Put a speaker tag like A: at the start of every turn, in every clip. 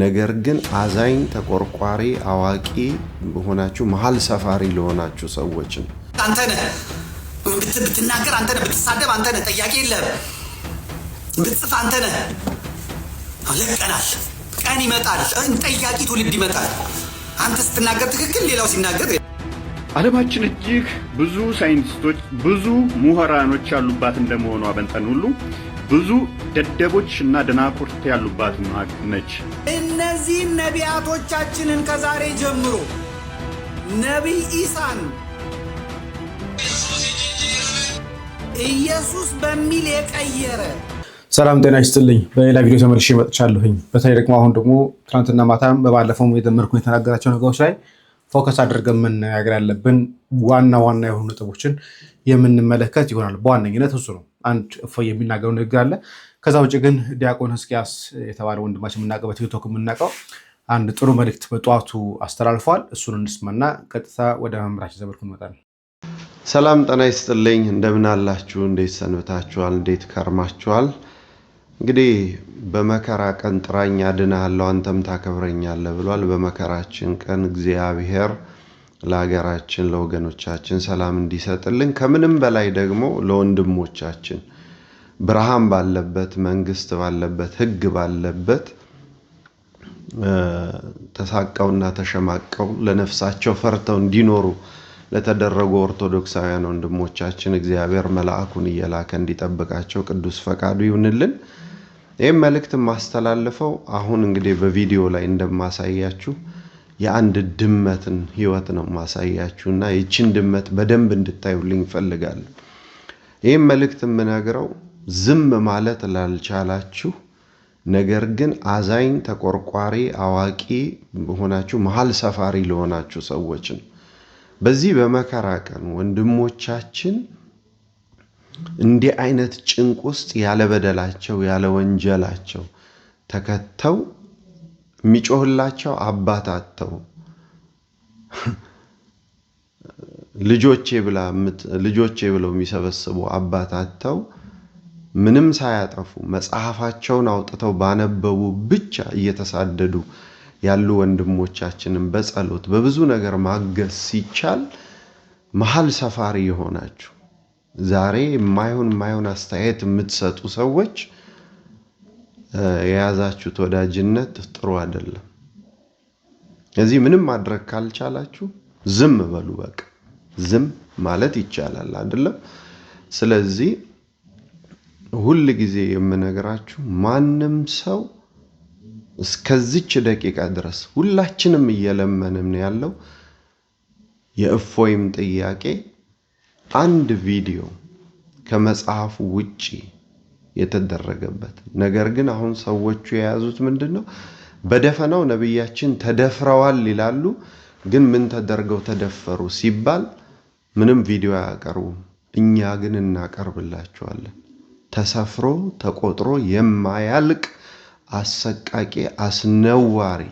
A: ነገር ግን አዛኝ ተቆርቋሪ አዋቂ በሆናችሁ መሀል ሰፋሪ ለሆናችሁ ሰዎች ነው።
B: አንተ ነህ ብትናገር፣ አንተ ነህ ብትሳደብ፣ አንተ ነህ ጠያቂ የለህም። ብትጽፍ፣ አንተ ነህ ለቀናል። ቀን ይመጣል፣ ጠያቂ ትውልድ ይመጣል። አንተ ስትናገር ትክክል፣ ሌላው ሲናገር
A: ዓለማችን እጅግ ብዙ ሳይንቲስቶች ብዙ ምሁራኖች ያሉባት እንደመሆኗ በንጠን ሁሉ ብዙ ደደቦች እና ደናቁር ያሉባት ነች።
B: እነዚህን ነቢያቶቻችንን ከዛሬ ጀምሮ ነቢይ ኢሳን ኢየሱስ በሚል የቀየረ
A: ሰላም ጤና ይስጥልኝ። በሌላ ቪዲዮ ተመልሼ መጥቻለሁኝ። በተለይ ደግሞ አሁን ደግሞ ትናንትና ማታም በባለፈው የደመርኩ የተናገራቸው ነገሮች ላይ ፎከስ አድርገን መነጋገር ያለብን ዋና ዋና የሆኑ ነጥቦችን የምንመለከት ይሆናል። በዋነኝነት እሱ ነው። አንድ እፎይ የሚናገረው ንግግር አለ። ከዛ ውጭ ግን ዲያቆን ህዝቅያስ የተባለ ወንድማችን የምናውቀው በቲክቶክ የምናውቀው አንድ ጥሩ መልእክት በጠዋቱ አስተላልፏል። እሱን እንስማና ቀጥታ ወደ መምህራችን ዘመድኩ እንመጣለን።
C: ሰላም ጠና ይስጥልኝ። እንደምን አላችሁ? እንዴት ሰንብታችኋል? እንዴት ከርማችኋል? እንግዲህ በመከራ ቀን ጥራኝ አድንሃለሁ አንተም ታከብረኛለህ ብሏል። በመከራችን ቀን እግዚአብሔር ለሀገራችን ለወገኖቻችን ሰላም እንዲሰጥልን ከምንም በላይ ደግሞ ለወንድሞቻችን ብርሃን ባለበት መንግስት ባለበት ህግ ባለበት ተሳቀውና ተሸማቀው ለነፍሳቸው ፈርተው እንዲኖሩ ለተደረጉ ኦርቶዶክሳውያን ወንድሞቻችን እግዚአብሔር መልአኩን እየላከ እንዲጠብቃቸው ቅዱስ ፈቃዱ ይሁንልን። ይህም መልእክት የማስተላልፈው አሁን እንግዲህ በቪዲዮ ላይ እንደማሳያችሁ የአንድ ድመትን ህይወት ነው ማሳያችሁ እና ይችን ድመት በደንብ እንድታዩልኝ እፈልጋለሁ። ይህም መልእክት የምነግረው ዝም ማለት ላልቻላችሁ፣ ነገር ግን አዛኝ፣ ተቆርቋሪ፣ አዋቂ ሆናችሁ መሀል ሰፋሪ ለሆናችሁ ሰዎች ነው። በዚህ በመከራ ቀን ወንድሞቻችን እንዲህ አይነት ጭንቅ ውስጥ ያለ በደላቸው ያለ ወንጀላቸው ተከተው የሚጮህላቸው አባት አጥተው ልጆቼ ብላ ልጆቼ ብለው የሚሰበስቡ አባት አጥተው ምንም ሳያጠፉ መጽሐፋቸውን አውጥተው ባነበቡ ብቻ እየተሳደዱ ያሉ ወንድሞቻችንን በጸሎት በብዙ ነገር ማገዝ ሲቻል መሀል ሰፋሪ የሆናችሁ ዛሬ የማይሆን የማይሆን አስተያየት የምትሰጡ ሰዎች የያዛችሁት ወዳጅነት ጥሩ አይደለም። እዚህ ምንም ማድረግ ካልቻላችሁ ዝም በሉ። በቃ ዝም ማለት ይቻላል አይደለም? ስለዚህ ሁል ጊዜ የምነግራችሁ ማንም ሰው እስከዚች ደቂቃ ድረስ ሁላችንም እየለመንን ያለው የእፎይም ጥያቄ አንድ ቪዲዮ ከመጽሐፉ ውጪ የተደረገበት ነገር ግን አሁን ሰዎቹ የያዙት ምንድን ነው? በደፈናው ነቢያችን ተደፍረዋል ይላሉ። ግን ምን ተደርገው ተደፈሩ ሲባል ምንም ቪዲዮ አያቀርቡም። እኛ ግን እናቀርብላቸዋለን። ተሰፍሮ ተቆጥሮ የማያልቅ አሰቃቂ አስነዋሪ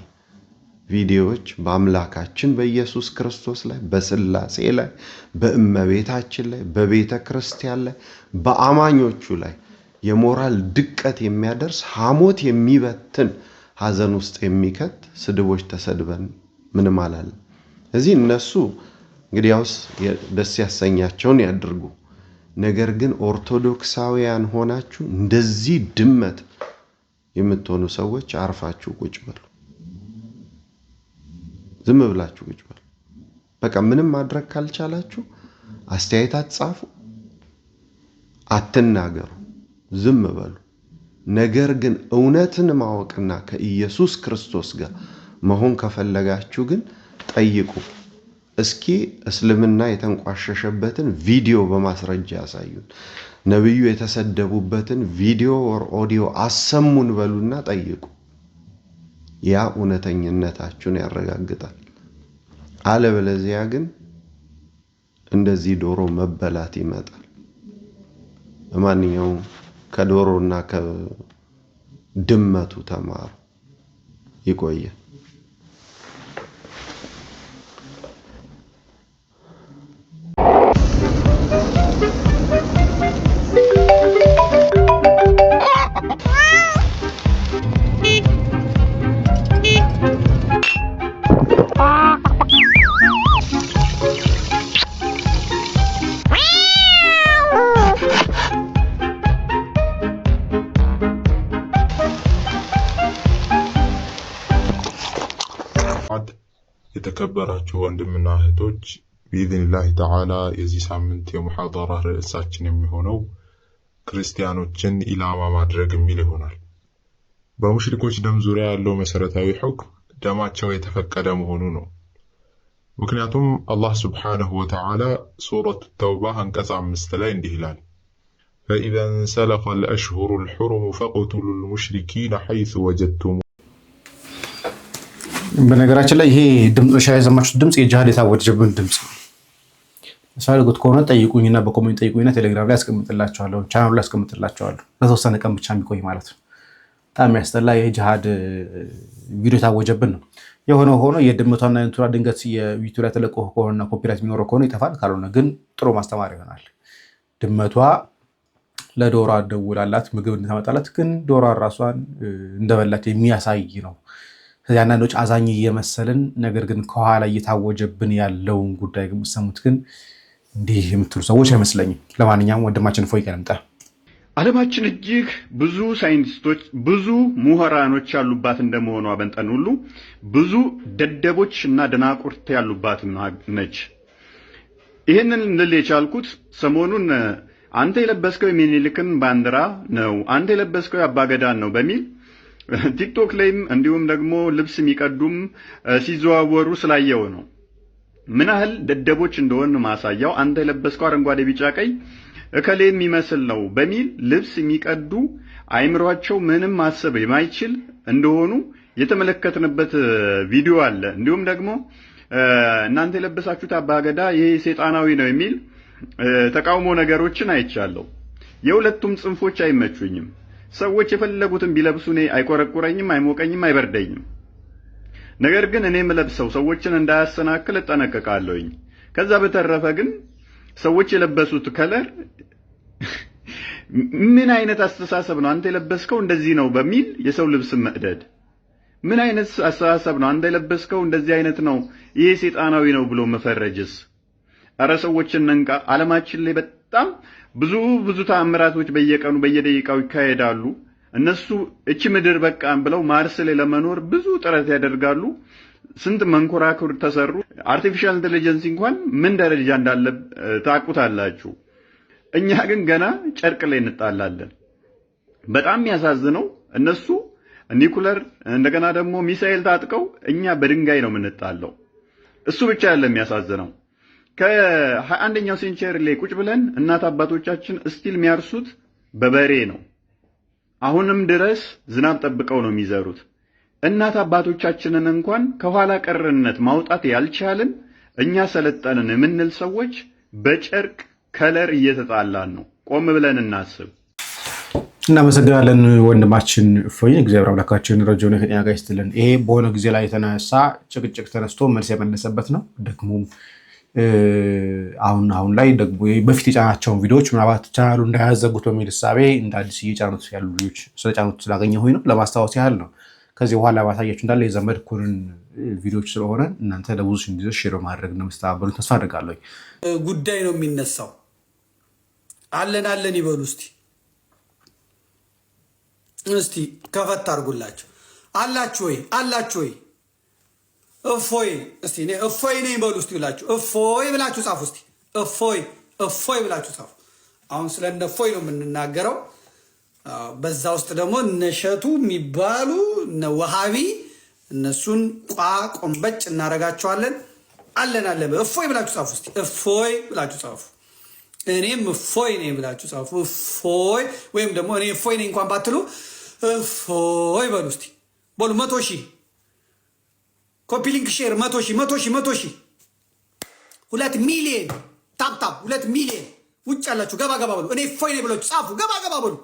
C: ቪዲዮዎች በአምላካችን በኢየሱስ ክርስቶስ ላይ፣ በስላሴ ላይ፣ በእመቤታችን ላይ፣ በቤተ ክርስቲያን ላይ፣ በአማኞቹ ላይ የሞራል ድቀት የሚያደርስ ሐሞት የሚበትን ሐዘን ውስጥ የሚከት ስድቦች ተሰድበን ምንም አላለ። እዚህ እነሱ እንግዲያውስ ደስ ያሰኛቸውን ያድርጉ። ነገር ግን ኦርቶዶክሳውያን ሆናችሁ እንደዚህ ድመት የምትሆኑ ሰዎች አርፋችሁ ቁጭ በሉ። ዝም ብላችሁ ቁጭ በሉ። በቃ ምንም ማድረግ ካልቻላችሁ አስተያየት አትጻፉ፣ አትናገሩ። ዝም በሉ። ነገር ግን እውነትን ማወቅና ከኢየሱስ ክርስቶስ ጋር መሆን ከፈለጋችሁ ግን ጠይቁ። እስኪ እስልምና የተንቋሸሸበትን ቪዲዮ በማስረጃ ያሳዩን። ነቢዩ የተሰደቡበትን ቪዲዮ ወር ኦዲዮ አሰሙን በሉና ጠይቁ። ያ እውነተኝነታችሁን ያረጋግጣል። አለበለዚያ ግን እንደዚህ ዶሮ መበላት ይመጣል። ለማንኛውም ከዶሮና ከድመቱ ተማሩ። ይቆያል።
A: የተከበራችሁ ወንድምና እህቶች ቢኢዝኒላሂ ተዓላ የዚህ ሳምንት የሙሐደራ ርዕሳችን የሚሆነው ክርስቲያኖችን ኢላማ ማድረግ የሚል ይሆናል። በሙሽሪኮች ደም ዙሪያ ያለው መሰረታዊ ሁክም ደማቸው የተፈቀደ መሆኑ ነው። ምክንያቱም አላህ ስብሓንሁ ወተዓላ ሱረቱ ተውባ አንቀጽ አምስት ላይ እንዲህ ይላል ፈኢዘ እንሰለኸ አልአሽሁሩ አልሑሩሙ ፈቅቱሉ አልሙሽሪኪነ ሐይሱ ወጀድቱሙ በነገራችን ላይ ይሄ ድምፅ ሻ የሰማችሁት ድምፅ የጃሃድ የታወጀብን ድምፅ ነው። ሳልጉት ከሆነ ጠይቁኝና በኮሜንት ጠይቁኝና ቴሌግራም ላይ አስቀምጥላቸዋለሁ፣ ቻናሉ ላይ አስቀምጥላቸዋለሁ። ለተወሰነ ቀን ብቻ የሚቆይ ማለት ነው። በጣም ያስጠላ የጅሃድ ቪዲዮ የታወጀብን ነው። የሆነ ሆኖ የድመቷና ንቱራ ድንገት የዩቱ ላይ ተለቆ ከሆነና ኮፒራይት የሚኖረው ከሆነ ይጠፋል። ካልሆነ ግን ጥሩ ማስተማሪያ ይሆናል። ድመቷ ለዶሮ ደውላላት ምግብ እንድታመጣላት፣ ግን ዶሮ ራሷን እንደበላት የሚያሳይ ነው። አንዳንዶች አዛኝ እየመሰልን ነገር ግን ከኋላ እየታወጀብን ያለውን ጉዳይ ሰሙት ግን እንዲህ የምትሉ ሰዎች አይመስለኝም። ለማንኛውም ወንድማችን ፎይ ቀለምጠ ዓለማችን እጅግ ብዙ ሳይንቲስቶች፣ ብዙ ምሁራኖች ያሉባት እንደመሆኑ አበንጠን ሁሉ ብዙ ደደቦች እና ደናቁርት ያሉባት ነች። ይህንን ልል የቻልኩት ሰሞኑን አንተ የለበስከው የሚኒልክን ባንዲራ ነው፣ አንተ የለበስከው የአባገዳን ነው በሚል ቲክቶክ ላይም እንዲሁም ደግሞ ልብስ የሚቀዱም ሲዘዋወሩ ስላየው ነው። ምን ያህል ደደቦች እንደሆን ማሳያው አንተ የለበስከው አረንጓዴ፣ ቢጫ፣ ቀይ እከሌ የሚመስል ነው በሚል ልብስ የሚቀዱ አይምሯቸው ምንም ማሰብ የማይችል እንደሆኑ የተመለከትንበት ቪዲዮ አለ። እንዲሁም ደግሞ እናንተ የለበሳችሁት አባገዳ ይሄ ሰይጣናዊ ነው የሚል ተቃውሞ ነገሮችን አይቻለሁ። የሁለቱም ጽንፎች አይመቹኝም። ሰዎች የፈለጉትን ቢለብሱ እኔ አይቆረቁረኝም፣ አይሞቀኝም፣ አይበርደኝም። ነገር ግን እኔ ለብሰው ሰዎችን እንዳያሰናክል እጠነቀቃለሁኝ። ከዛ በተረፈ ግን ሰዎች የለበሱት ከለር ምን አይነት አስተሳሰብ ነው? አንተ የለበስከው እንደዚህ ነው በሚል የሰው ልብስ መቅደድ ምን አይነት አስተሳሰብ ነው? አንተ የለበስከው እንደዚህ አይነት ነው፣ ይሄ ሰይጣናዊ ነው ብሎ መፈረጅስ? አረ ሰዎችን ነንቃ። ዓለማችን ላይ በጣም ብዙ ብዙ ተአምራቶች በየቀኑ በየደቂቃው ይካሄዳሉ። እነሱ እቺ ምድር በቃን ብለው ማርስ ላይ ለመኖር ብዙ ጥረት ያደርጋሉ። ስንት መንኮራኩር ተሰሩ። አርቲፊሻል ኢንቴሊጀንስ እንኳን ምን ደረጃ እንዳለ ታውቁታላችሁ። እኛ ግን ገና ጨርቅ ላይ እንጣላለን። በጣም የሚያሳዝነው እነሱ ኒኩለር እንደገና ደግሞ ሚሳኤል ታጥቀው፣ እኛ በድንጋይ ነው የምንጣለው። እሱ ብቻ ያለ የሚያሳዝነው። ከ21ኛው ሴንቸሪ ላይ ቁጭ ብለን እናት አባቶቻችን እስቲል የሚያርሱት በበሬ ነው። አሁንም ድረስ ዝናብ ጠብቀው ነው የሚዘሩት። እናት አባቶቻችንን እንኳን ከኋላ ቀርነት ማውጣት ያልቻልን እኛ ሰለጠንን የምንል ሰዎች በጨርቅ ከለር እየተጣላን ነው። ቆም ብለን እናስብ። እናመሰግናለን ወንድማችን እፎይን። እግዚአብሔር አምላካችን ረጅም ዕድሜ ጤና ይሄ በሆነ ጊዜ ላይ የተነሳ ጭቅጭቅ ተነስቶ መልስ የመለሰበት ነው ደግሞም አሁን አሁን ላይ ደግሞ በፊት የጫናቸውን ቪዲዮዎች ምናልባት ቻናሉ እንዳያዘጉት በሚል እሳቤ እንደ አዲስ እየጫኑት ያሉ ልጆች ስለጫኑት ስላገኘ ሆይ ነው ለማስታወስ ያህል ነው። ከዚህ በኋላ ማሳያችሁ እንዳለ የዘመድኩንን ቪዲዮዎች ስለሆነ እናንተ ለብዙ እንዲዘ ሽሮ ማድረግ እንደምትተባበሉ ተስፋ አድርጋለሁ።
B: ጉዳይ ነው የሚነሳው። አለን አለን ይበሉ እስቲ እስቲ ከፈት አድርጉላቸው። አላችሁ ወይ አላችሁ ወይ እፎይ እስቲ እኔ እፎይ ነኝ በሉ እስቲ ብላችሁ እፎይ ብላችሁ ጻፉ እስቲ እፎይ እፎይ ብላችሁ ጻፉ። አሁን ስለ እነ እፎይ ነው የምንናገረው። በዛ ውስጥ ደግሞ እነሸቱ የሚባሉ እነ ወሃቢ እነሱን ቋ ቆንበጭ እናደርጋቸዋለን። አለን አለ እፎይ ብላችሁ ጻፉ እስቲ እፎይ ብላችሁ ጻፉ። እኔም እፎይ ነኝ ብላችሁ ጻፉ። እፎይ ወይም ደግሞ እኔ እፎይ ነኝ እንኳን ባትሉ እፎይ በሉ እስቲ በሉ መቶ ሺህ ኮፒሊንክ ሼር መቶ ሺ መቶ ሺ መቶ ሺ ሁለት ሚሊየን ታብታብ ሁለት ሚሊየን ውጭ ያላችሁ ገባ ገባ በሉ። እኔ እፎይ ነኝ ብላችሁ ጻፉ። ገባ ገባ በሉ።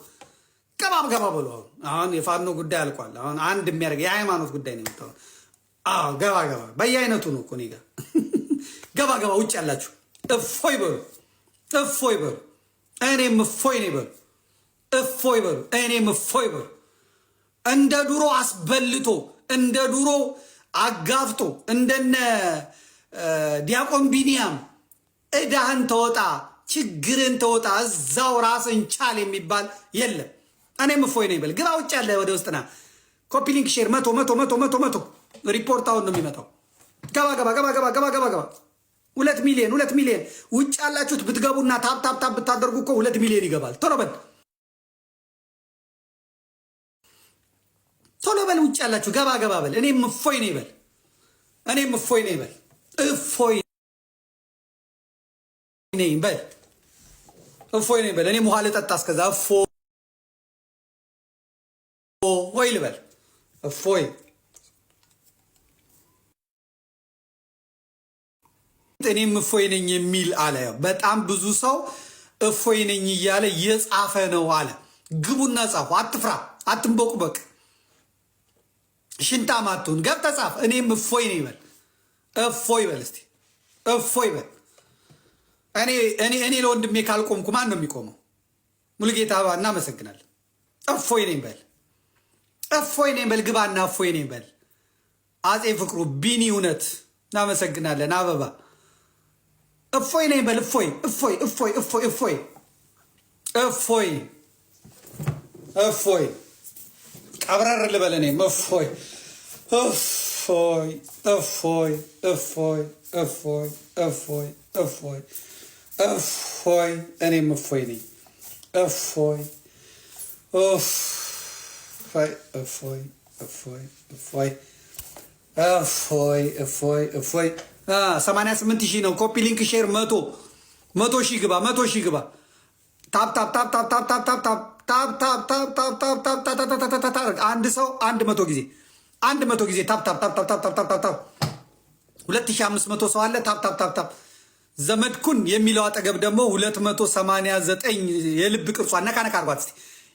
B: ገባ ገባ በሉ። አሁን አሁን የፋኖ ጉዳይ አልቋል። አሁን አንድ የሚያደርገ የሃይማኖት ጉዳይ ነው የምታወራው። አዎ ገባ ገባ በየአይነቱ ነው እኮ እኔ ጋር ገባ ገባ። ውጭ ያላችሁ እፎይ በሉ፣ እፎይ በሉ። እኔም እፎይ ነኝ በሉ፣ እፎይ በሉ። እኔም እፎይ በሉ። እንደ ድሮ አስበልቶ እንደ ድሮ አጋፍጦ እንደነ ዲያቆን ቢንያም እዳህን ተወጣ፣ ችግርን ተወጣ፣ እዛው ራስን ቻል የሚባል የለም። እኔም እፎይ ነው ይበል። ግባ ውጭ ያለ ወደ ውስጥና ኮፒ ሊንክ ሼር መቶ መቶ መቶ መቶ መቶ ሪፖርት አሁን ነው የሚመጣው። ገባ ገባ ገባ ገባ ገባ ገባ ገባ። ሁለት ሚሊዮን ሁለት ሚሊዮን ውጭ ያላችሁት ብትገቡና ታፕ ብታደርጉ እኮ ሁለት ሚሊዮን ይገባል። ቶሎ በል ቶሎ በል ውጭ ያላችሁ ገባ ገባ በል። እኔም እፎይ ነው ይበል። እኔም እፎይ ነው ይበል። እፎይ ነኝ በል። እፎይ ነኝ በል። እኔም ውሃ ልጠጣ እስከዛ እፎ ወይ ልበል። እፎይ እኔም እፎይ ነኝ የሚል አለ። በጣም ብዙ ሰው እፎይ ነኝ እያለ የጻፈ ነው አለ። ግቡና ጻፉ። አትፍራ፣ አትንበቁበቅ ሽንታ ማትሆን ገብ ጻፍ። እኔም እፎይ ነው ይበል፣ እፎይ ይበል፣ እስቲ፣ እፎይ ይበል። እኔ ለወንድሜ ካልቆምኩ ማን ነው የሚቆመው? ሙሉጌታ ባ እናመሰግናለን። እፎይ ነኝ በል፣ እፎይ ነኝ በል፣ ግባና እፎይ ነኝ በል። አፄ ፍቅሩ ቢኒ እውነት እናመሰግናለን። አበባ እፎይ ነኝ በል፣ እፎይ እፎይ እፎይ እፎይ እፎይ እፎይ እፎይ ቀብረር ልበል እኔም እፎይ እፎይ እፎይ እፎይ እፎይ እፎይ እፎይ እፎይ እኔም እፎይ ነኝ እፎይ እፎይ እፎይ እፎይ እፎይ እፎይ እፎይ እፎይ ሰማንያ ስምንት ሺህ ነው። ኮፒ ሊንክ ሼር መቶ መቶ ሺህ ግባ መቶ ሺህ ግባ ታፕ ታፕ ታፕ ታፕ ታፕ ታፕ ታፕ ታፕ ታፕ ታፕ ታፕ ታፕ ታፕ ታፕ አንድ ሰው አንድ መቶ ጊዜ አንድ መቶ ጊዜ ታፕ ታፕ ታፕ ታፕ ታፕ ታፕ ታፕ ሁለት ሺህ አምስት መቶ ሰው አለ። ታፕ ታፕ ታፕ ታፕ ዘመድኩን የሚለው አጠገብ ደግሞ ሁለት መቶ ሰማንያ ዘጠኝ የልብ ቅርጿ ነካ ነካ አርጓት እስኪ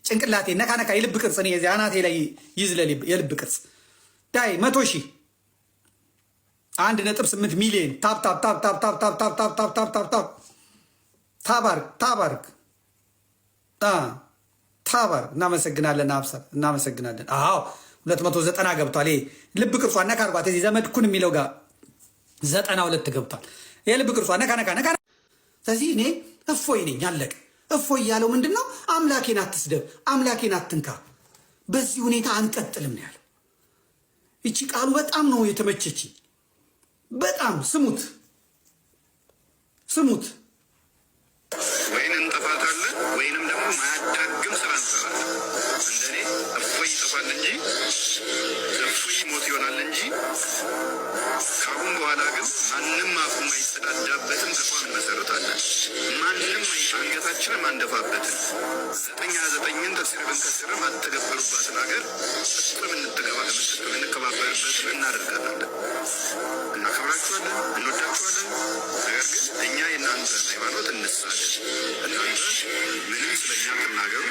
B: ጭንቅላቴ ነካ ነካ የልብ ቅርጽ እኔ የዚህ አናቴ ላይ ይዝለል የልብ ቅርጽ ዳይ መቶ ሺህ አንድ ነጥብ ስምንት ሚሊዮን ታፕ ታፕ ታፕ ታፕ ታፕ ታፕ ታፕ ታፕ ታፕ ታፕ ታፕ ታፕ ታፕ ታፕ ታበር እናመሰግናለን። ሀብሰብ እናመሰግናለን። አዎ ሁለት መቶ ዘጠና ገብቷል። ይሄ ልብ ቅርሷ ነካ አድርጓት እዚህ ዘመድኩን የሚለው ጋር ዘጠና ሁለት ገብቷል። ልብ ቅርሷ ነካ ነካ ነካ። ስለዚህ እኔ እፎይ ነኝ አለቀ። እፎይ ያለው ምንድን ነው? አምላኬን አትስደብ፣ አምላኬን አትንካ። በዚህ ሁኔታ አንቀጥልም ነው ያለው። ይቺ ቃሉ በጣም ነው የተመቸች። በጣም ስሙት፣ ስሙት ወይንም ጥፋት አለ ወይንም ደግሞ ማያዳግ ይጠፋል እንጂ እፎይ ሞት ይሆናል እንጂ ከአሁን በኋላ ግን ማንም አቁም የማይጸዳዳበትም ተቋም እንመሰርታለን። ማንም አንገታችንም አንደፋበትም። ዘጠኛ ዘጠኝን ተፍሲር ብንከስርም አትተገበሩባትን ሀገር ፍጥም እንከባበርበት እናደርጋለን እናከብራችኋለን፣ እንወዳችኋለን። ነገር ግን እኛ የእናንተ ሃይማኖት እንሳለን። እናንተ ምንም ስለኛ ትናገሩ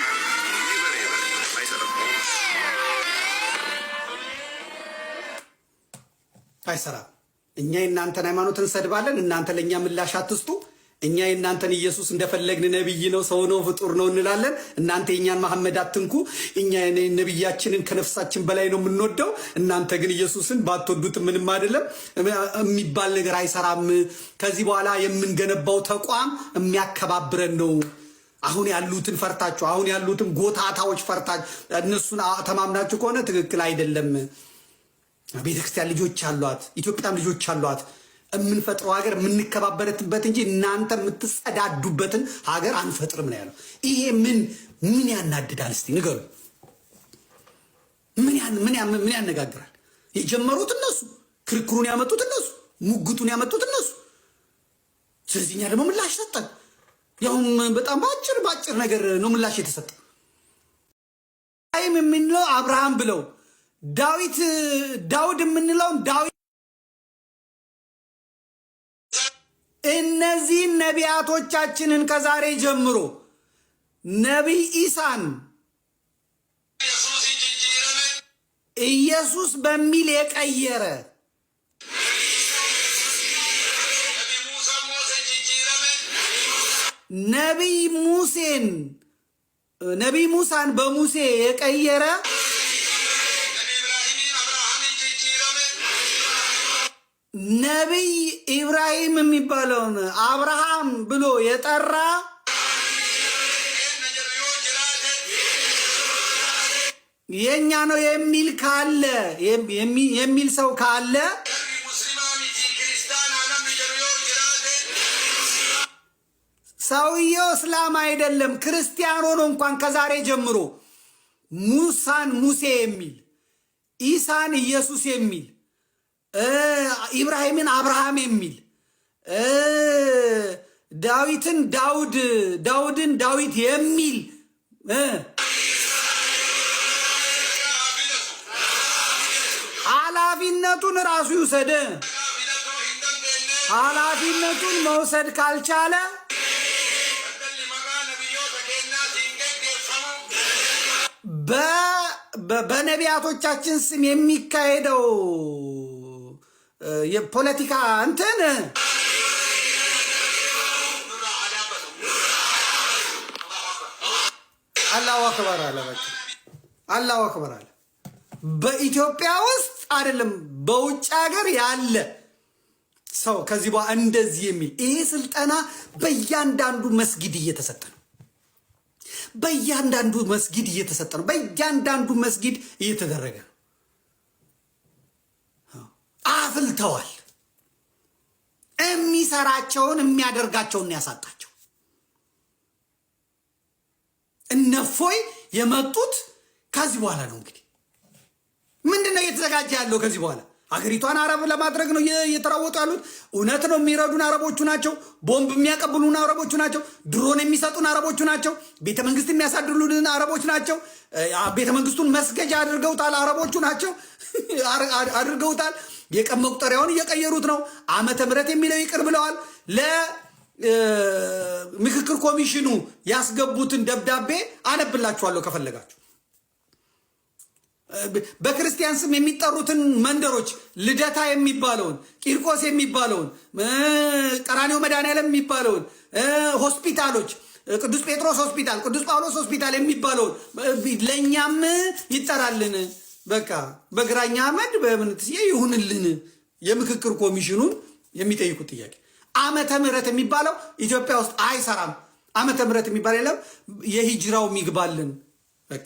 B: ይበር ይበር አይሰራም። አይሰራም። እኛ የእናንተን ሃይማኖት እንሰድባለን፣ እናንተ ለእኛ ምላሽ አትስጡ። እኛ የእናንተን ኢየሱስ እንደፈለግን ነቢይ ነው፣ ሰው ነው፣ ፍጡር ነው እንላለን። እናንተ የእኛን መሐመድ አትንኩ። እኛ ነቢያችንን ከነፍሳችን በላይ ነው የምንወደው። እናንተ ግን ኢየሱስን ባትወዱት ምንም አይደለም የሚባል ነገር አይሰራም። ከዚህ በኋላ የምንገነባው ተቋም የሚያከባብረን ነው። አሁን ያሉትን ፈርታችሁ አሁን ያሉትን ጎታታዎች ፈርታችሁ እነሱን ተማምናችሁ ከሆነ ትክክል አይደለም። ቤተክርስቲያን ልጆች አሏት፣ ኢትዮጵያም ልጆች አሏት። የምንፈጥረው ሀገር የምንከባበረትበት እንጂ እናንተ የምትጸዳዱበትን ሀገር አንፈጥርም ነው ያለው። ይሄ ምን ምን ያናድዳል? እስቲ ንገሩ። ምን ያነጋግራል? የጀመሩት እነሱ ክርክሩን ያመጡት እነሱ ሙግቱን ያመጡት እነሱ። ስለዚህ እኛ ደግሞ ምላሽ ሰጠን። ያውም በጣም በአጭር በአጭር ነገር ነው ምላሽ የተሰጠ። ይም የምንለው አብርሃም ብለው ዳዊት ዳውድ የምንለውም ዳዊት እነዚህን ነቢያቶቻችንን ከዛሬ ጀምሮ ነቢይ ኢሳን ኢየሱስ በሚል የቀየረ ነቢይ ሙሴን ነቢይ ሙሳን በሙሴ የቀየረ ነቢይ ኢብራሂም የሚባለውን አብርሃም ብሎ የጠራ የእኛ ነው የሚል ካለ የሚል ሰው ካለ ሰውየው እስላም አይደለም ክርስቲያን ሆኖ እንኳን ከዛሬ ጀምሮ ሙሳን ሙሴ የሚል ኢሳን ኢየሱስ የሚል ኢብራሂምን አብርሃም የሚል ዳዊትን ዳውድ ዳውድን ዳዊት የሚል ኃላፊነቱን ራሱ ይውሰደ። ኃላፊነቱን መውሰድ ካልቻለ በነቢያቶቻችን ስም የሚካሄደው የፖለቲካ እንትን አላሁ አክበር አለ። በቃ አላሁ አክበር አለ። በኢትዮጵያ ውስጥ አይደለም በውጭ ሀገር ያለ ሰው ከዚህ በኋላ እንደዚህ የሚል ይሄ ስልጠና በእያንዳንዱ መስጊድ እየተሰጠ ነው። በእያንዳንዱ መስጊድ እየተሰጠ ነው። በእያንዳንዱ መስጊድ እየተደረገ ነው። አፍልተዋል። የሚሰራቸውን የሚያደርጋቸውን ያሳጣቸው። እነፎይ የመጡት ከዚህ በኋላ ነው። እንግዲህ ምንድን ነው እየተዘጋጀ ያለው ከዚህ በኋላ አገሪቷን አረብ ለማድረግ ነው እየተራወጡ ያሉት። እውነት ነው። የሚረዱን አረቦቹ ናቸው። ቦምብ የሚያቀብሉን አረቦቹ ናቸው። ድሮን የሚሰጡን አረቦቹ ናቸው። ቤተ መንግስት የሚያሳድሉልን አረቦች ናቸው። ቤተ መንግስቱን መስገጃ አድርገውታል። አረቦቹ ናቸው አድርገውታል። የቀን መቁጠሪያውን እየቀየሩት ነው። ዓመተ ምሕረት የሚለው ይቅር ብለዋል። ለምክክር ኮሚሽኑ ያስገቡትን ደብዳቤ አነብላችኋለሁ ከፈለጋችሁ። በክርስቲያን ስም የሚጠሩትን መንደሮች ልደታ የሚባለውን ቂርቆስ የሚባለውን ቀራኒዮ መድኃኔዓለም የሚባለውን ሆስፒታሎች ቅዱስ ጴጥሮስ ሆስፒታል፣ ቅዱስ ጳውሎስ ሆስፒታል የሚባለውን ለእኛም ይጠራልን። በቃ በግራኛ አመድ በምንትስዬ ይሁንልን። የምክክር ኮሚሽኑን የሚጠይቁት ጥያቄ ዓመተ ምሕረት የሚባለው ኢትዮጵያ ውስጥ አይሰራም። ዓመተ ምሕረት የሚባል የለም። የሂጅራው ሚግባልን በቃ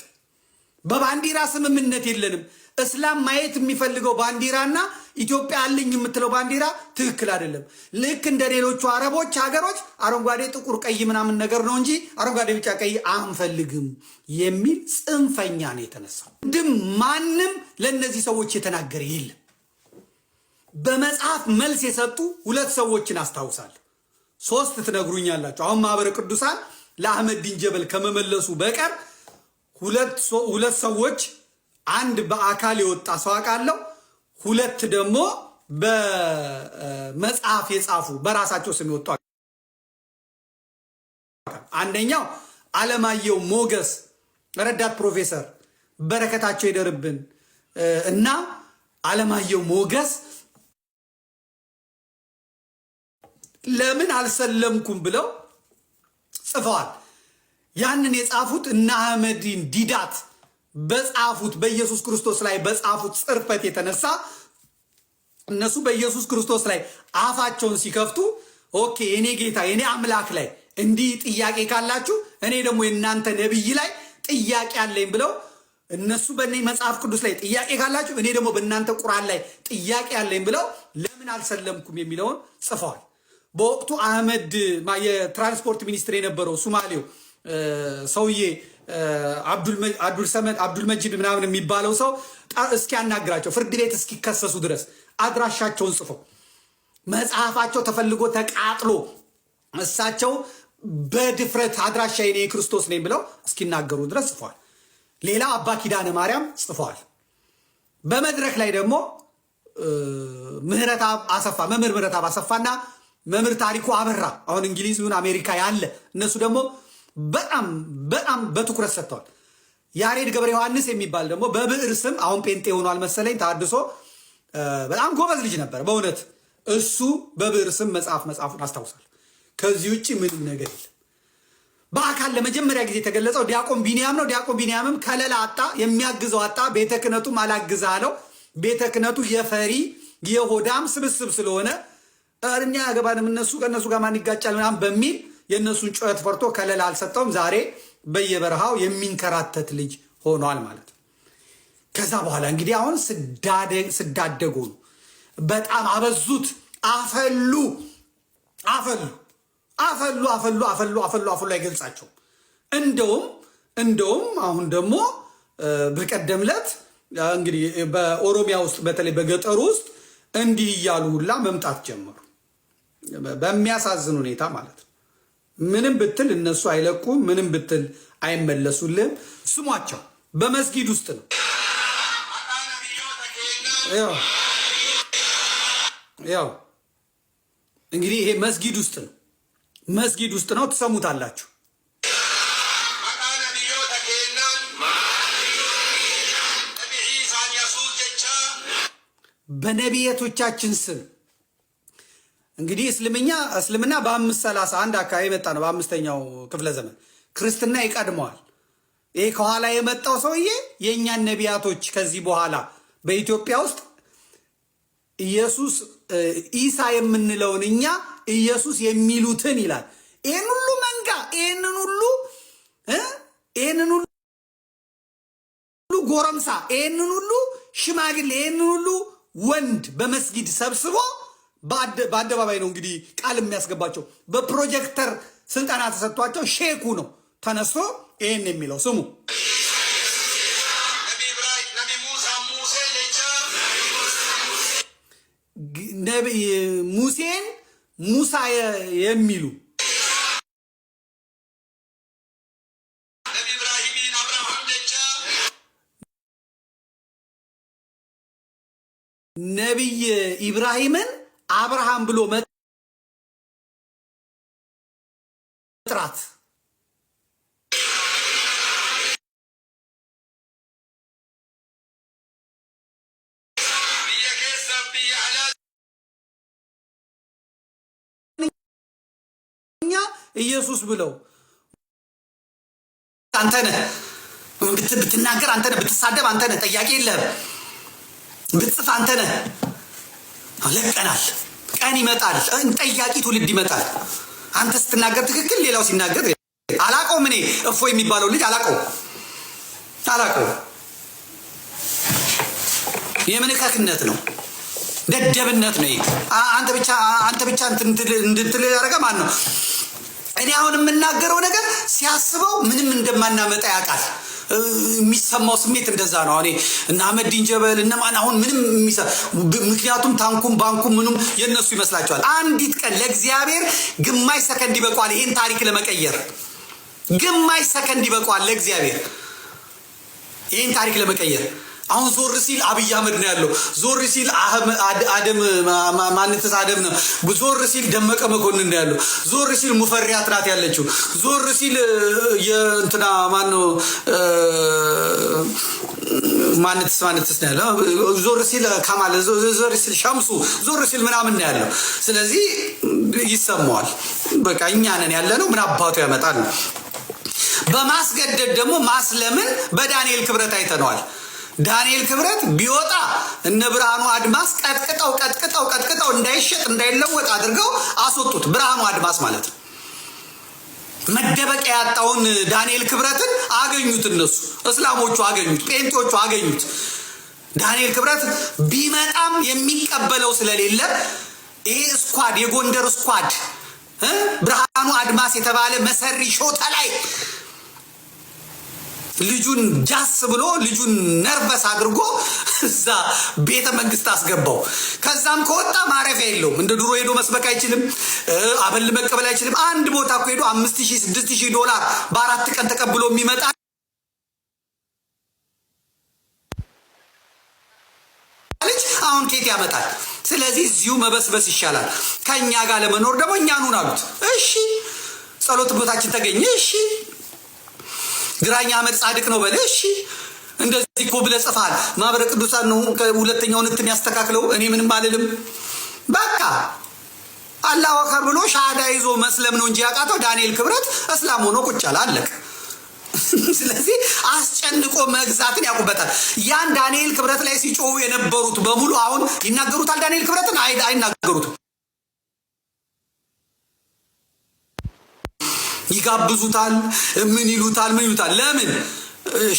B: በባንዲራ ስምምነት የለንም። እስላም ማየት የሚፈልገው ባንዲራና ኢትዮጵያ አለኝ የምትለው ባንዲራ ትክክል አይደለም። ልክ እንደ ሌሎቹ አረቦች ሀገሮች አረንጓዴ፣ ጥቁር፣ ቀይ ምናምን ነገር ነው እንጂ አረንጓዴ፣ ቢጫ፣ ቀይ አንፈልግም የሚል ጽንፈኛ ነው የተነሳው። ድም ማንም ለእነዚህ ሰዎች የተናገረ የለም። በመጽሐፍ መልስ የሰጡ ሁለት ሰዎችን አስታውሳለሁ። ሶስት ትነግሩኛላችሁ። አሁን ማህበረ ቅዱሳን ለአህመድ ዲን ጀበል ከመመለሱ በቀር ሁለት ሰዎች አንድ በአካል የወጣ ሰው አውቃለሁ። ሁለት ደግሞ በመጽሐፍ የጻፉ በራሳቸው ስም የወጡ አንደኛው አለማየሁ ሞገስ ረዳት ፕሮፌሰር በረከታቸው ይደርብን እና አለማየሁ ሞገስ ለምን አልሰለምኩም ብለው ጽፈዋል። ያንን የጻፉት እነ አህመዲን ዲዳት በጻፉት በኢየሱስ ክርስቶስ ላይ በጻፉት ጽርፈት የተነሳ እነሱ በኢየሱስ ክርስቶስ ላይ አፋቸውን ሲከፍቱ ኦኬ የኔ ጌታ የኔ አምላክ ላይ እንዲህ ጥያቄ ካላችሁ እኔ ደግሞ የእናንተ ነቢይ ላይ ጥያቄ አለኝ ብለው እነሱ በእኔ መጽሐፍ ቅዱስ ላይ ጥያቄ ካላችሁ እኔ ደግሞ በእናንተ ቁርአን ላይ ጥያቄ አለኝ ብለው ለምን አልሰለምኩም የሚለውን ጽፈዋል። በወቅቱ አህመድ የትራንስፖርት ሚኒስትር የነበረው ሱማሌው ሰውዬ አብዱል መጂድ ምናምን የሚባለው ሰው እስኪያናግራቸው ፍርድ ቤት እስኪከሰሱ ድረስ አድራሻቸውን ጽፎ መጽሐፋቸው ተፈልጎ ተቃጥሎ እሳቸው በድፍረት አድራሻ የኔ ክርስቶስ ነኝ ብለው እስኪናገሩ ድረስ ጽፏል። ሌላ አባ ኪዳነ ማርያም ጽፏል። በመድረክ ላይ ደግሞ ምህረት አሰፋ መምህር ምህረት አሰፋና መምህር ታሪኩ አበራ አሁን እንግሊዝ ይሁን አሜሪካ ያለ እነሱ ደግሞ በጣም በጣም በትኩረት ሰጥተዋል። ያሬድ ገብረ ዮሐንስ የሚባል ደግሞ በብዕር ስም አሁን ጴንጤ ሆኗል መሰለኝ ታድሶ በጣም ጎበዝ ልጅ ነበር በእውነት እሱ በብዕር ስም መጽሐፍ መጽሐፉን አስታውሳል። ከዚህ ውጭ ምንም ነገር የለም። በአካል ለመጀመሪያ ጊዜ የተገለጸው ዲያቆን ቢንያም ነው። ዲያቆን ቢንያምም ከለላ አጣ፣ የሚያግዘው አጣ። ቤተ ክህነቱም አላግዛ አለው። ቤተ ክህነቱ የፈሪ የሆዳም ስብስብ ስለሆነ እኛ ያገባንም እነሱ ከእነሱ ጋር ማን ይጋጫል ምናምን በሚል የእነሱን ጩኸት ፈርቶ ከለላ አልሰጠውም። ዛሬ በየበረሃው የሚንከራተት ልጅ ሆኗል ማለት ነው። ከዛ በኋላ እንግዲህ አሁን ስዳደጉ ነው። በጣም አበዙት፣ አፈሉ አፈሉ አፈሉ አፈሉ አፈሉ አፈሉ አፈሉ አይገልጻቸውም። እንደውም እንደውም አሁን ደግሞ በቀደም ዕለት እንግዲህ በኦሮሚያ ውስጥ በተለይ በገጠሩ ውስጥ እንዲህ እያሉ ሁላ መምጣት ጀመሩ። በሚያሳዝን ሁኔታ ማለት ነው። ምንም ብትል እነሱ አይለቁም። ምንም ብትል አይመለሱልህም። ስሟቸው በመስጊድ ውስጥ ነው። ያው እንግዲህ ይሄ መስጊድ ውስጥ ነው፣ መስጊድ ውስጥ ነው። ትሰሙታላችሁ። በነቢያቶቻችን ስም እንግዲህ እስልምኛ እስልምና በአምስት ሰላሳ አንድ አካባቢ የመጣ ነው። በአምስተኛው ክፍለ ዘመን ክርስትና ይቀድመዋል። ይሄ ከኋላ የመጣው ሰውዬ የእኛን ነቢያቶች ከዚህ በኋላ በኢትዮጵያ ውስጥ ኢየሱስ ኢሳ የምንለውን እኛ ኢየሱስ የሚሉትን ይላል። ይህን ሁሉ መንጋ ይህንን ሁሉ ይህንን ሁሉ ጎረምሳ ይህንን ሁሉ ሽማግሌ ይህንን ሁሉ ወንድ በመስጊድ ሰብስቦ በአደባባይ ነው እንግዲህ ቃል የሚያስገባቸው። በፕሮጀክተር ስልጠና ተሰጥቷቸው ሼኩ ነው ተነስቶ ይህን የሚለው ስሙ ሙሴን ሙሳ የሚሉ ነቢይ ኢብራሂምን አብርሃም ብሎ መጥራት ኢየሱስ ብለው አንተ ነህ ብትናገር፣ አንተ ነህ ብትሳደብ፣ አንተ ነህ ጥያቄ የለህም ብትጽፍ፣ አንተ ነህ። ለቀናል ቀን ይመጣል፣ ጠያቂ ትውልድ ይመጣል። አንተ ስትናገር ትክክል፣ ሌላው ሲናገር አላቀውም። እኔ እፎ የሚባለው ልጅ አላቀው አላቀው። የምንከክነት ነው ደደብነት ነው። አንተ ብቻ አንተ ብቻ እንድትል ያደረገ ማን ነው? እኔ አሁን የምናገረው ነገር ሲያስበው ምንም እንደማናመጣ ያውቃል። የሚሰማው ስሜት እንደዛ ነው። እኔ እና አህመዲን ጀበል እነማን አሁን ምንም ምክንያቱም ታንኩም ባንኩም ምኑም የነሱ ይመስላቸዋል። አንዲት ቀን ለእግዚአብሔር ግማሽ ሰከንድ ይበቋል፣ ይህን ታሪክ ለመቀየር ግማሽ ሰከንድ ይበቋል ለእግዚአብሔር ይህን ታሪክ ለመቀየር አሁን ዞር ሲል አብይ አህመድ ነው ያለው። ዞር ሲል አደም ማንተስ አደም ነው። ዞር ሲል ደመቀ መኮንን ነው ያለው። ዞር ሲል ሙፈሪያት ናት ያለችው። ዞር ሲል የእንትና ማነው ማንትስ ማንትስ ነው ያለው። ዞር ሲል ከማለ ዞር ሲል ሸምሱ ዞር ሲል ምናምን ነው ያለው። ስለዚህ ይሰማዋል። በቃ እኛ ነን ያለ ነው። ምን አባቱ ያመጣል። በማስገደድ ደግሞ ማስለምን በዳንኤል ክብረት አይተነዋል። ዳንኤል ክብረት ቢወጣ እነ ብርሃኑ አድማስ ቀጥቅጠው ቀጥቅጠው ቀጥቅጠው እንዳይሸጥ እንዳይለወጥ አድርገው አስወጡት። ብርሃኑ አድማስ ማለት ነው። መደበቂያ ያጣውን ዳንኤል ክብረትን አገኙት። እነሱ እስላሞቹ አገኙት፣ ጴንጤዎቹ አገኙት። ዳንኤል ክብረት ቢመጣም የሚቀበለው ስለሌለ ይሄ ስኳድ የጎንደር ስኳድ ብርሃኑ አድማስ የተባለ መሰሪ ሾታ ላይ ልጁን ጃስ ብሎ ልጁን ነርቨስ አድርጎ እዛ ቤተ መንግስት አስገባው። ከዛም ከወጣ ማረፊያ የለውም። እንደ ድሮ ሄዶ መስበክ አይችልም። አበል መቀበል አይችልም። አንድ ቦታ እኮ ሄዶ አምስት ሺህ ስድስት ሺህ ዶላር በአራት ቀን ተቀብሎ የሚመጣ ልጅ አሁን ኬት ያመጣል። ስለዚህ እዚሁ መበስበስ ይሻላል። ከእኛ ጋር ለመኖር ደግሞ እኛኑን አሉት። እሺ ጸሎት ቦታችን ተገኘ። እሺ ግራኝ አመድ ጻድቅ ነው በለ። እሺ እንደዚህ እኮ ብለህ ጽፋል። ማህበረ ቅዱሳን ነው ሁለተኛውን እንትን ያስተካክለው። እኔ ምንም አልልም። በቃ አላሁ አክበር ብሎ ሻሃዳ ይዞ መስለም ነው እንጂ ያቃተው ዳንኤል ክብረት እስላም ሆኖ ቁጭ አለ። አለቅ ስለዚህ አስጨንቆ መግዛትን ያውቁበታል። ያን ዳንኤል ክብረት ላይ ሲጮሁ የነበሩት በሙሉ አሁን ይናገሩታል። ዳንኤል ክብረትን አይናገሩትም። ይጋብዙታል። ምን ይሉታል? ምን ይሉታል? ለምን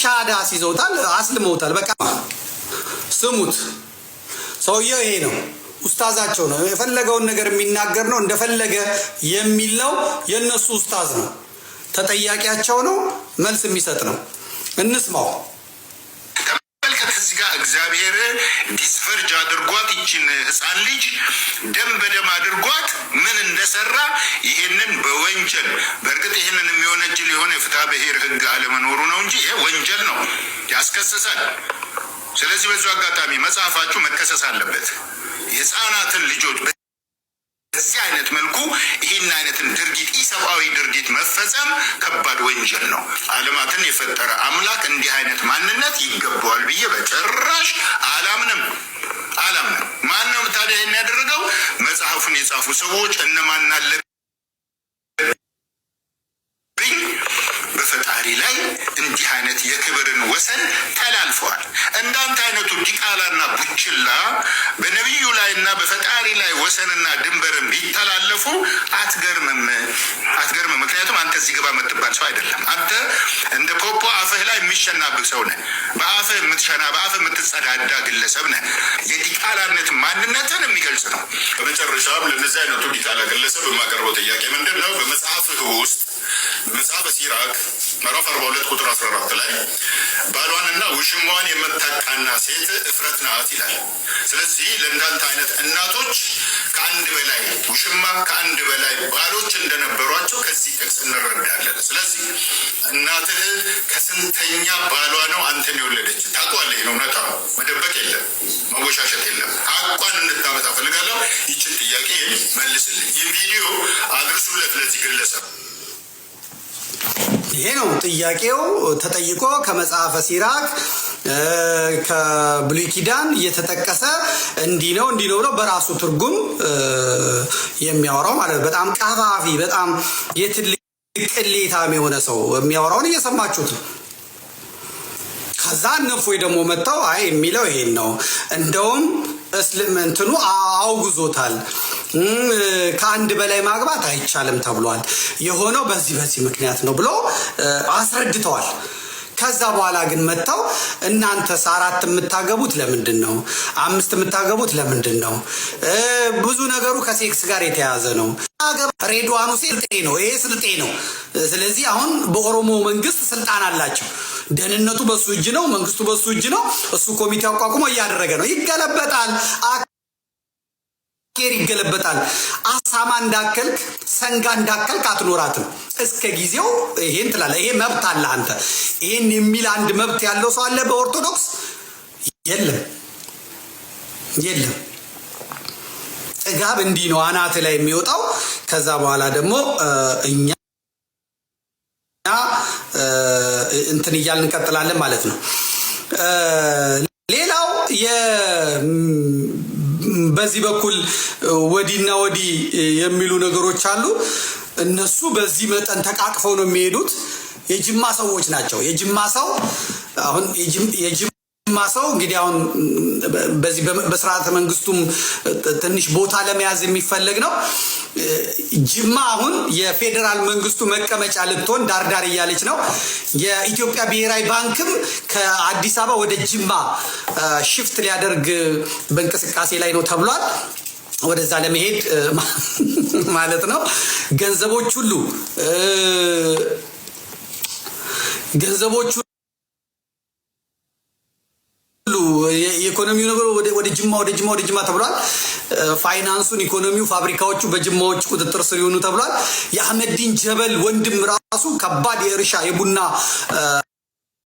B: ሻዳ አስይዘውታል፣ አስልመውታል። በቃ ስሙት። ሰውየው ይሄ ነው፣ ኡስታዛቸው ነው። የፈለገውን ነገር የሚናገር ነው፣ እንደፈለገ የሚል ነው። የእነሱ ኡስታዝ ነው፣ ተጠያቂያቸው ነው፣ መልስ የሚሰጥ ነው። እንስማው። በረከት እዚህ ጋር እግዚአብሔር ዲስፈርጅ አድርጓት ይችን ህፃን ልጅ ደም በደም አድርጓት ምን እንደሰራ ይሄንን በወንጀል በእርግጥ ይሄንን የሚወነጅል የሆነ የፍትሐ ብሔር ህግ አለመኖሩ ነው እንጂ ይሄ ወንጀል ነው ያስከስሳል። ስለዚህ በዚሁ አጋጣሚ መጽሐፋችሁ መከሰስ አለበት የህፃናትን ልጆች በዚህ አይነት መልኩ ይህን አይነትን ድርጊት ኢሰብአዊ ድርጊት መፈጸም ከባድ ወንጀል ነው። ዓለማትን የፈጠረ አምላክ እንዲህ አይነት ማንነት ይገባዋል ብዬ በጭራሽ አላምንም አላምንም። ማን ታዲያ ይህን ያደረገው? መጽሐፉን የጻፉ ሰዎች እነማን ናለ በፈጣሪ ላይ እንዲህ አይነት የክብርን ወሰን ተላልፈዋል። እንዳንተ አይነቱ ዲቃላና ቡችላ በነቢዩ ላይና በፈጣሪ ላይ ወሰንና ድንበርን ቢተላለፉ አትገርምም፣ አትገርምም። ምክንያቱም አንተ እዚህ ግባ የምትባል ሰው አይደለም። አንተ እንደ ፖፖ አፍህ ላይ የሚሸናብህ ሰው ነህ። በአፍህ የምትሸና በአፍህ የምትጸዳዳ ግለሰብ ነህ። የዲቃላነት ማንነትን የሚገልጽ ነው። በመጨረሻም ለነዚህ አይነቱ ዲቃላ ግለሰብ የማቀርበው ጥያቄ ምንድን ነው? በመጽሐፍህ ውስጥ መጽሐፈ ሲራክ ምዕራፍ 42 ቁጥር 14 ላይ ባሏንና ውሽሟን የምታቃና ሴት እፍረት ናት ይላል። ስለዚህ ለእንዳንተ አይነት እናቶች ከአንድ በላይ ውሽማ ከአንድ በላይ ባሎች እንደነበሯቸው ከዚህ ጥቅስ እንረዳለን። ስለዚህ እናትህ ከስንተኛ ባሏ ነው አንተን የወለደች ታውቀዋለህ። ነው እውነታ ነው። መደበቅ የለም፣ መወሻሸት የለም። አቋን እንድታመጣ ፈልጋለሁ። ይችን ጥያቄ መልስልኝ። ይህ ቪዲዮ አድርሱለት ለዚህ ግለሰብ። ይሄ ነው ጥያቄው። ተጠይቆ ከመጽሐፈ ሲራክ ከብሉይ ኪዳን እየተጠቀሰ እንዲህ ነው እንዲህ ነው ብለው በራሱ ትርጉም የሚያወራው ማለት ነው። በጣም ቀፋፊ፣ በጣም የትልቅ ቅሌታም የሆነ ሰው የሚያወራውን እየሰማችሁት ነው። ከዛ እፎይ ደግሞ መጥተው አይ የሚለው ይሄን ነው እንደውም እስልምንትኑ አውግዞታል ከአንድ በላይ ማግባት አይቻልም ተብሏል። የሆነው በዚህ በዚህ ምክንያት ነው ብሎ አስረድተዋል። ከዛ በኋላ ግን መጥተው እናንተስ አራት የምታገቡት ለምንድን ነው? አምስት የምታገቡት ለምንድን ነው? ብዙ ነገሩ ከሴክስ ጋር የተያያዘ ነው። ሬድዋኑ ስልጤ ነው፣ ይሄ ስልጤ ነው። ስለዚህ አሁን በኦሮሞ መንግስት ስልጣን አላቸው። ደህንነቱ በሱ እጅ ነው፣ መንግስቱ በሱ እጅ ነው። እሱ ኮሚቴ አቋቁሞ እያደረገ ነው። ይገለበጣል። አስኬር ይገለበጣል። አሳማ እንዳከልክ ሰንጋ እንዳከልክ አትኖራትም እስከ ጊዜው። ይሄን ትላለ። ይሄ መብት አለ አንተ። ይሄን የሚል አንድ መብት ያለው ሰው አለ በኦርቶዶክስ? የለም፣ የለም። ጥጋብ እንዲህ ነው አናት ላይ የሚወጣው። ከዛ በኋላ ደግሞ እኛ እንትን እያልን እንቀጥላለን ማለት ነው። ሌላው በዚህ በኩል ወዲና ወዲህ የሚሉ ነገሮች አሉ። እነሱ በዚህ መጠን ተቃቅፈው ነው የሚሄዱት። የጅማ ሰዎች ናቸው። የጅማ ሰው አሁን የጅማ ማ ሰው እንግዲህ አሁን በዚህ በስርዓተ መንግስቱም ትንሽ ቦታ ለመያዝ የሚፈለግ ነው። ጅማ አሁን የፌዴራል መንግስቱ መቀመጫ ልትሆን ዳርዳር እያለች ነው። የኢትዮጵያ ብሔራዊ ባንክም ከአዲስ አበባ ወደ ጅማ ሽፍት ሊያደርግ በእንቅስቃሴ ላይ ነው ተብሏል። ወደዛ ለመሄድ ማለት ነው። ገንዘቦች ሁሉ ገንዘቦች ሁሉ የኢኮኖሚው ነገር ወደ ጅማ ወደ ጅማ ወደ ጅማ ተብሏል። ፋይናንሱን፣ ኢኮኖሚው፣ ፋብሪካዎቹ በጅማዎች ቁጥጥር ስር ይሆኑ ተብሏል። የአህመዲን ጀበል ወንድም ራሱ ከባድ የእርሻ የቡና